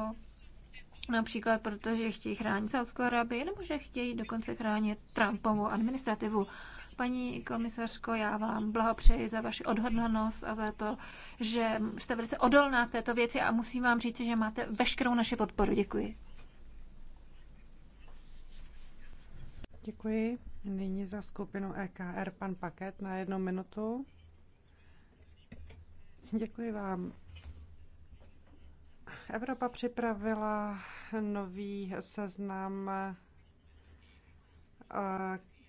S3: Například proto, že chtějí chránit Saudskou Arabii nebo že chtějí dokonce chránit Trumpovou administrativu. Paní komisařko, já vám blahopřeji za vaši odhodlanost a za to, že jste velice odolná v této věci a musím vám říct, že máte veškerou naši podporu. Děkuji.
S1: Děkuji. Nyní za skupinu EKR pan Paket na jednu minutu. Děkuji vám. Evropa připravila nový seznam. Eh,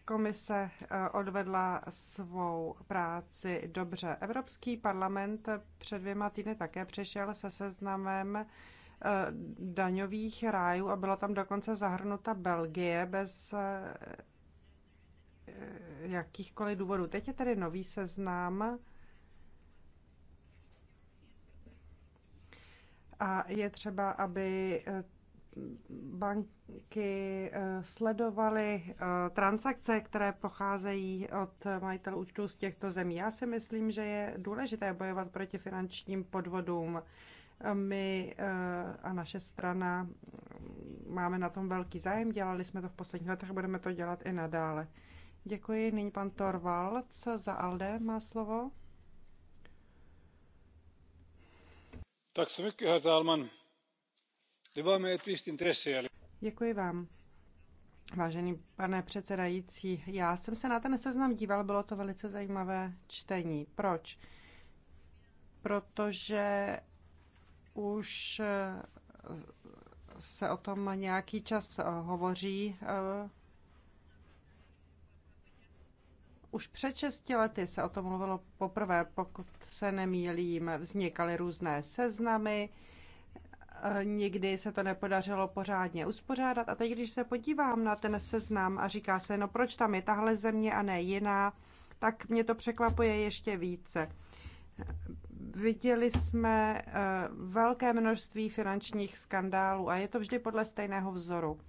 S1: komise eh, odvedla svou práci dobře. Evropský parlament před dvěma týdny také přišel se seznamem eh, daňových rájů a byla tam dokonce zahrnuta Belgie bez jakýchkoliv důvodů. Teď je tady nový seznam a je třeba, aby eh, banky eh, sledovaly eh, transakce, které pocházejí od majitelů účtů z těchto zemí. Já si myslím, že je důležité bojovat proti finančním podvodům. My a naše strana mm, máme na tom velký zájem, dělali jsme to v posledních letech a budeme to dělat i nadále. Děkuji. Nyní pan Torvalc za ALDE má slovo.
S2: herr talman!
S1: Děkuji vám. Vážený pane předsedající, já jsem se na ten seznam díval, bylo to velice zajímavé čtení. Proč? Protože už eh, se o tom nějaký čas eh, hovoří eh, Už před šesti lety se o tom mluvilo poprvé, pokud se nemýlím, vznikaly různé seznamy, nikdy se to nepodařilo pořádně uspořádat. A teď, když se podívám na ten seznam a říká se, no proč tam je tahle země a ne jiná, tak mě to překvapuje ještě více. Viděli jsme eh, velké množství finančních skandálů a je to vždy podle stejného vzoru.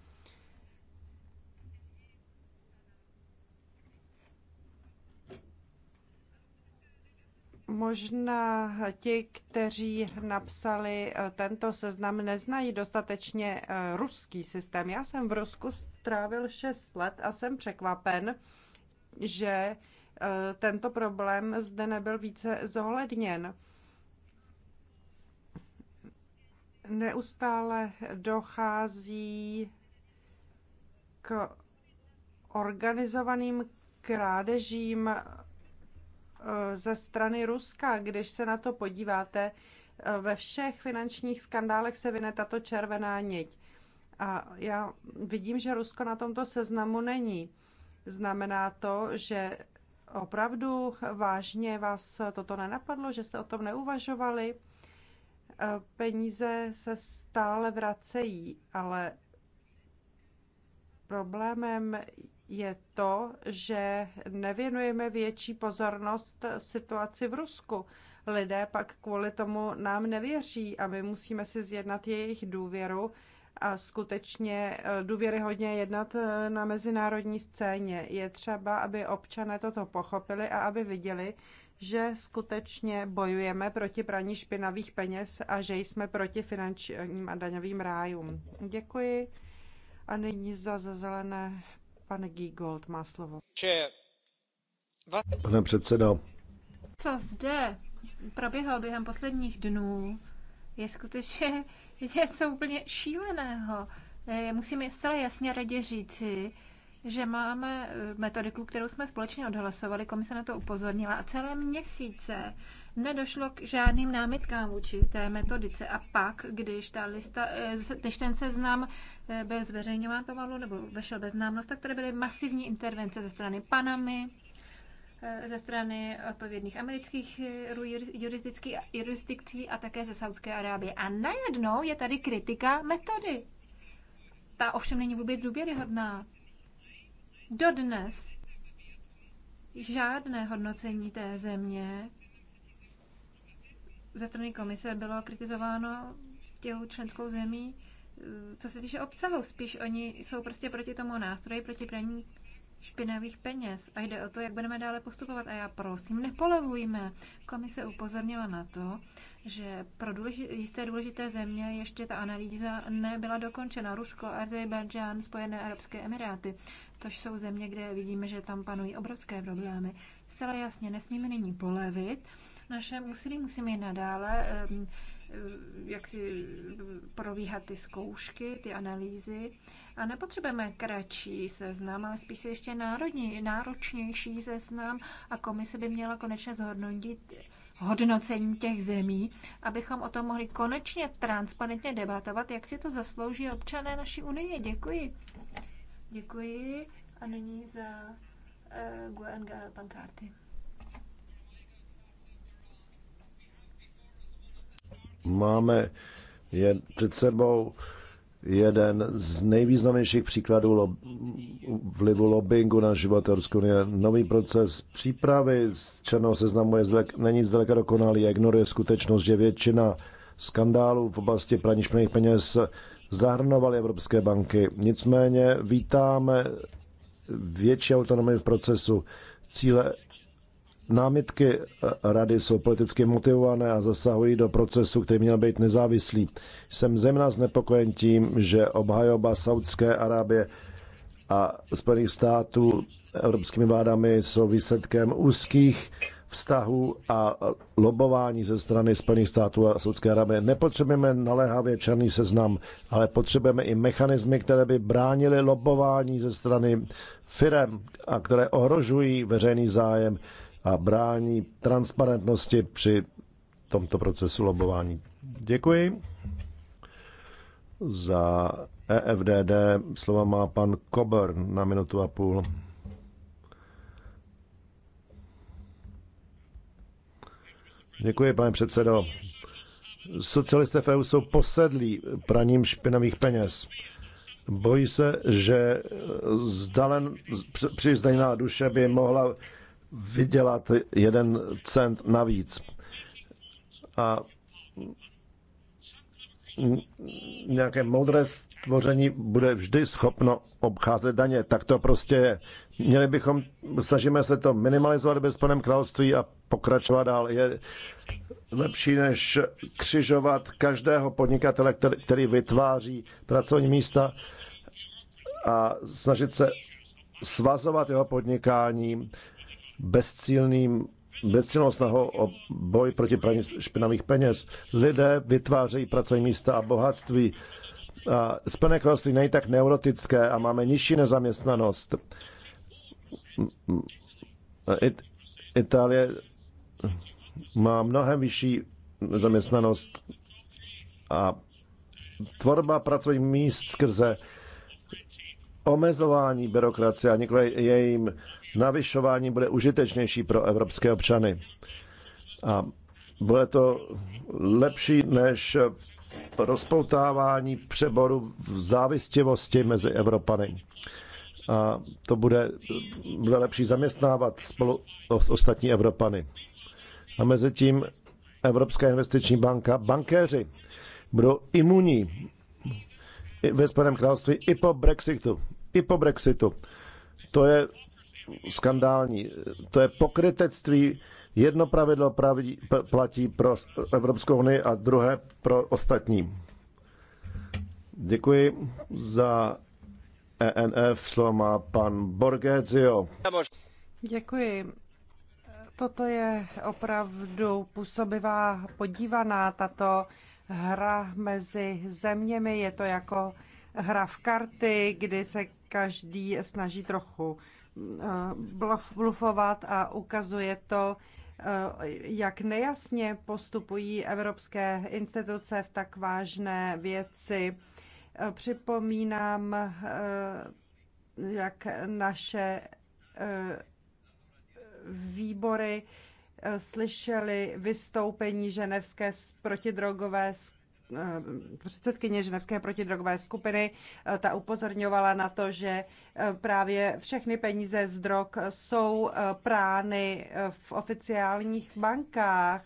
S1: Možná ti, kteří napsali eh, tento seznam, neznají dostatečně eh, ruský systém. Já jsem v Rusku strávil 6 let a jsem překvapen, že eh, tento problém zde nebyl více zohledněn. Neustále dochází k organizovaným krádežím Eh, ze strany Ruska. Když se na to podíváte, eh, ve všech finančních skandálech se vyne tato červená niť. A já vidím, že Rusko na tomto seznamu není. Znamená to, že opravdu vážně vás toto nenapadlo, že jste o tom neuvažovali? Eh, peníze se stále vracejí, ale problémem je to, že nevěnujeme větší pozornost situaci v Rusku. Lidé pak kvůli tomu nám nevěří a my musíme si zjednat jejich důvěru a skutečně eh, důvěryhodně jednat eh, na mezinárodní scéně. Je třeba, aby občané toto pochopili a aby viděli, že skutečně bojujeme proti praní špinavých peněz a že jsme proti finančním a daňovým rájům. Děkuji. A nyní za, za zelené Pan Giegold má slovo.
S2: Pane předsedo.
S1: Co zde proběhlo během posledních
S3: dnů, je skutečně <laughs> něco úplně šíleného. Eh, musíme zcela jasně radě říci, že máme eh, metodiku, kterou jsme společně odhlasovali, komise na to upozornila a celé měsíce nedošlo k žádným námitkám vůči té metodice. A pak, když, ta lista, eh, když ten seznam eh, byl zveřejňován pomalu nebo vešel bez známnost, tak tady byly masivní intervence ze strany Panamy, eh, ze strany odpovědných amerických jurisdikcí a také ze Saudské Arábie. A najednou je tady kritika metody. Ta ovšem není vůbec důvěryhodná. Dodnes žádné hodnocení té země ze strany komise bylo kritizováno těm členskou zemí, e, co se týče obsahu. Spíš oni jsou prostě proti tomu nástroji, proti praní špinavých peněz. A jde o to, jak budeme dále postupovat. A já prosím, nepolevujme. Komise upozornila na to, že pro důležité, jisté důležité země ještě ta analýza nebyla dokončena. Rusko, Azerbajdžán, Spojené arabské emiráty. To jsou země, kde vidíme, že tam panují obrovské problémy. Zcela jasně, nesmíme nyní polevit naše úsilí musíme i nadále jak si probíhat ty zkoušky, ty analýzy. A nepotřebujeme kratší seznam, ale spíš ještě národní, náročnější seznam a komise by měla konečně zhodnotit hodnocení těch zemí, abychom o tom mohli konečně transparentně debatovat, jak si to zaslouží občané naší unie. Děkuji. Děkuji. A nyní za uh, eh, GNG Pankárty.
S2: Máme je před sebou jeden z nejvýznamnějších příkladů lo, vlivu lobbyingu na život Evropské unie. Nový proces přípravy z černého seznamu je zlek, není zdaleka dokonalý ignoruje skutečnost, že většina skandálů v oblasti praní špinavých peněz zahrnovaly evropské banky. Nicméně vítáme větší autonomii v procesu. Cíle Námitky rady jsou politicky motivované a zasahují do procesu, který měl být nezávislý. Jsem zemna znepokojen tím, že obhajoba Saudské Arábie a Spojených států evropskými vládami jsou výsledkem úzkých vztahů a lobování ze strany Spojených států a Saudské Arábie. Nepotřebujeme naléhavě černý seznam, ale potřebujeme i mechanismy, které by bránily lobování ze strany firem a které ohrožují veřejný zájem a brání transparentnosti při tomto procesu lobování. Děkuji. Za EFDD slova má pan Kober na minutu a půl. Děkuji, pane předsedo. Socialisté v EU jsou posedlí praním špinavých peněz. Bojí se, že zdalen, při duše by mohla vydělat jeden cent navíc. A nějaké moudré stvoření bude vždy schopno obcházet daně. Tak to prostě je. Měli bychom, snažíme se to minimalizovat bez panem království a pokračovat dál. Je lepší, než křižovat každého podnikatele, který vytváří pracovní místa a snažit se svazovat jeho podnikání bezcílným bezcílnou snahou o boj proti praní špinavých peněz. Lidé vytvářejí pracovní místa a bohatství. A Spojené království není tak neurotické a máme nižší nezaměstnanost. It, Itálie má mnohem vyšší zaměstnanost a tvorba pracovních míst skrze omezování byrokracie a nikoli jejím navyšování bude užitečnější pro evropské občany. A bude to lepší než rozpoutávání přeboru v závistivosti mezi Evropany. A to bude, bude lepší zaměstnávat spolu s ostatní Evropany. A mezi tím Evropská investiční banka, bankéři budou imunní ve Spojeném království i po Brexitu. I po Brexitu. To je skandální. To je pokrytectví. Jedno pravidlo praví, platí pro Evropskou unii a druhé pro ostatní. Děkuji za ENF. Slovo má pan Borgézio.
S1: Děkuji. Toto je opravdu působivá podívaná tato hra mezi zeměmi, je to jako hra v karty, kdy se každý snaží trochu eh, blufovat a ukazuje to, eh, jak nejasně postupují evropské instituce v tak vážné věci. Eh, připomínám, jak naše výbory Eh, slyšeli vystoupení ženevské protidrogové eh, předsedkyně ženevské protidrogové skupiny, eh, ta upozorňovala na to, že právě všechny peníze z drog jsou prány v oficiálních bankách.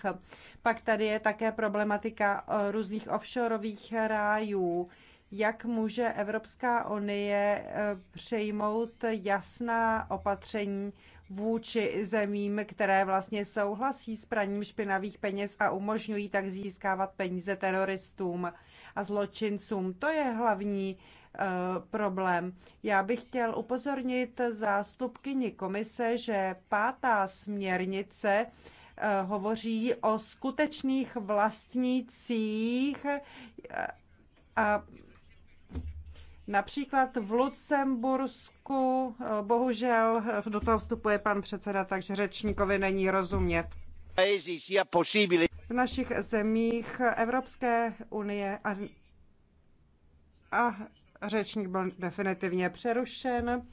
S1: Pak tady je také problematika různých offshoreových rájů. Jak může Evropská unie přejmout jasná opatření vůči zemím, které vlastně souhlasí s praním špinavých peněz a umožňují tak získávat peníze teroristům a zločincům. To je hlavní eh, problém. Já bych chtěl upozornit zástupkyni komise, že pátá směrnice eh, hovoří o skutečných vlastnících eh, a Například v Lucembursku, eh, bohužel eh, do toho vstupuje pan předseda, takže řečníkovi není rozumět. V našich zemích Evropské unie a, a řečník byl definitivně přerušen.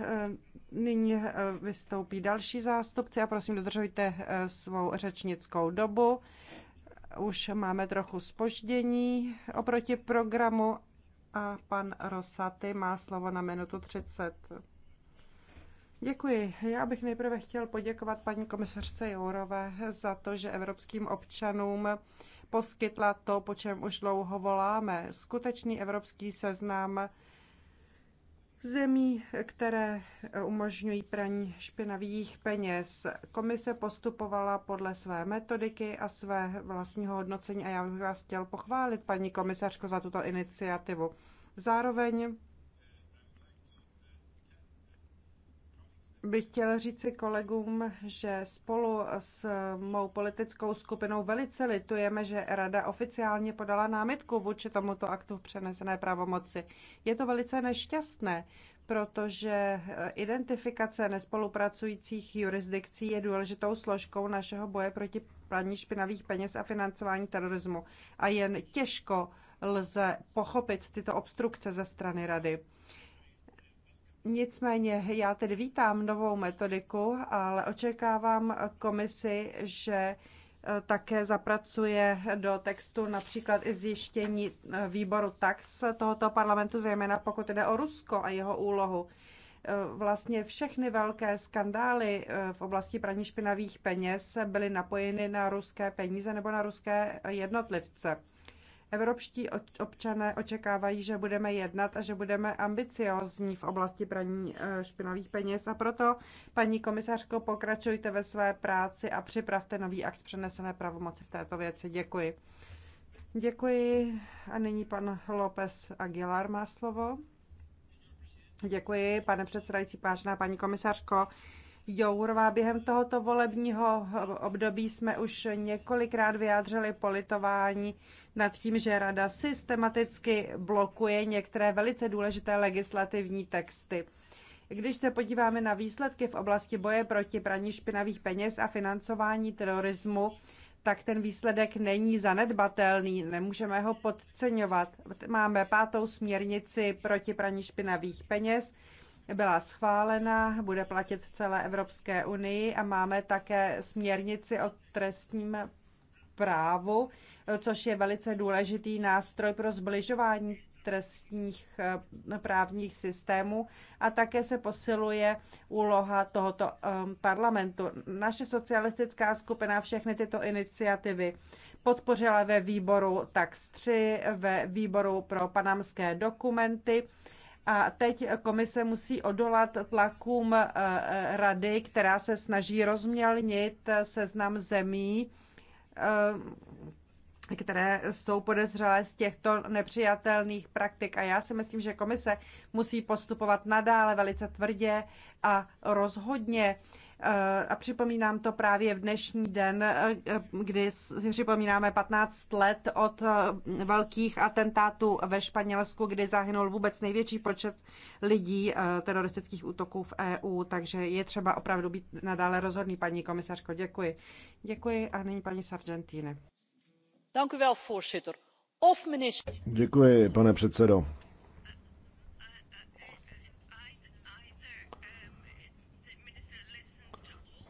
S1: Eh, nyní vystoupí další zástupci a prosím dodržujte svou řečnickou dobu už máme trochu spoždění oproti programu a pan Rosaty má slovo na minutu 30. Děkuji. Já bych nejprve chtěl poděkovat paní komisařce Jourové za to, že evropským občanům poskytla to, po čem už dlouho voláme, skutečný evropský seznam zemí, které eh, umožňují praní špinavých peněz. Komise postupovala podle své metodiky a své vlastního hodnocení a já bych vás chtěl pochválit, paní komisařko, za tuto iniciativu. Zároveň bych chtěl říci kolegům, že spolu s mou politickou skupinou velice litujeme, že Rada oficiálně podala námitku vůči tomuto aktu v přenesené pravomoci. Je to velice nešťastné, protože identifikace nespolupracujících jurisdikcí je důležitou složkou našeho boje proti praní špinavých peněz a financování terorismu. A jen těžko lze pochopit tyto obstrukce ze strany Rady. Nicméně já tedy vítám novou metodiku, ale očekávám komisi, že eh, také zapracuje do textu například i zjištění eh, výboru tax tohoto parlamentu, zejména pokud jde o Rusko a jeho úlohu. Eh, vlastně všechny velké skandály v oblasti praní špinavých peněz byly napojeny na ruské peníze nebo na ruské jednotlivce. Evropští občané očekávají, že budeme jednat a že budeme ambiciozní v oblasti praní e, špinavých peněz a proto, paní komisařko, pokračujte ve své práci a připravte nový akt přenesené pravomoci v této věci. Děkuji. Děkuji a nyní pan López Aguilar má slovo. Děkuji, pane předsedající, vážená paní komisařko. Jourová. Během tohoto volebního období jsme už několikrát vyjádřili politování nad tím, že Rada systematicky blokuje některé velice důležité legislativní texty. Když se podíváme na výsledky v oblasti boje proti praní špinavých peněz a financování terorismu, tak ten výsledek není zanedbatelný, nemůžeme ho podceňovat. Máme pátou směrnici proti praní špinavých peněz, byla schválena, bude platit v celé Evropské unii a máme také směrnici o trestním právu, což je velice důležitý nástroj pro zbližování trestních eh, právních systémů a také se posiluje úloha tohoto eh, parlamentu. Naše socialistická skupina všechny tyto iniciativy podpořila ve výboru TAX 3, ve výboru pro panamské dokumenty a teď komise musí odolat tlakům eh, eh, rady, která se snaží rozmělnit seznam zemí, eh, které jsou podezřelé z těchto nepřijatelných praktik. A já si myslím, že komise musí postupovat nadále velice tvrdě a rozhodně. Eh, a připomínám to právě v dnešní den, eh, kdy připomínáme 15 let od eh, velkých atentátů ve Španělsku, kdy zahynul vůbec největší počet lidí teroristických útoků v EU, takže je třeba opravdu být nadále rozhodný, paní komisařko. Děkuji. Děkuji a nyní paní Sargentini.
S2: Děkuji, pane předsedo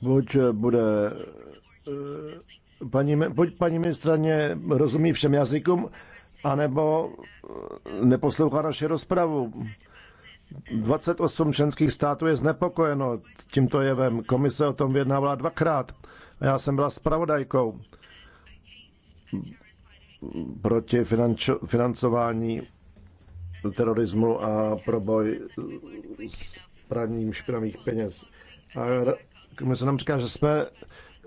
S2: buď eh, bude eh, paní, buď paní ministraně rozumí všem jazykům, anebo eh, neposlouchá naši rozpravu. 28 členských států je znepokojeno tímto jevem. Komise o tom vyjednávala dvakrát a já jsem byla spravodajkou proti finančo, financování terorismu a proboj s praním špinavých peněz. A se nám říká, že jsme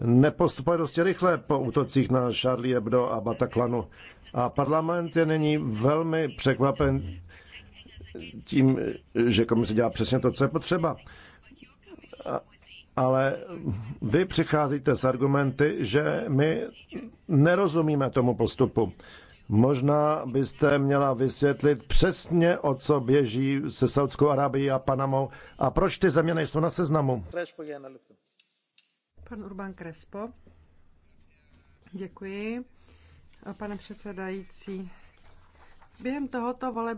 S2: nepostupovali dosti rychle po útocích na Charlie Hebdo a Bataclanu. A parlament je není velmi překvapen tím, že komise dělá přesně to, co je potřeba. A, ale vy přicházíte s argumenty, že my nerozumíme tomu postupu. Možná byste měla vysvětlit přesně, o co běží se Saudskou Arábií a Panamou a proč ty země nejsou na seznamu.
S1: Pan Urban Krespo. Děkuji. Pane předsedající, během tohoto volebního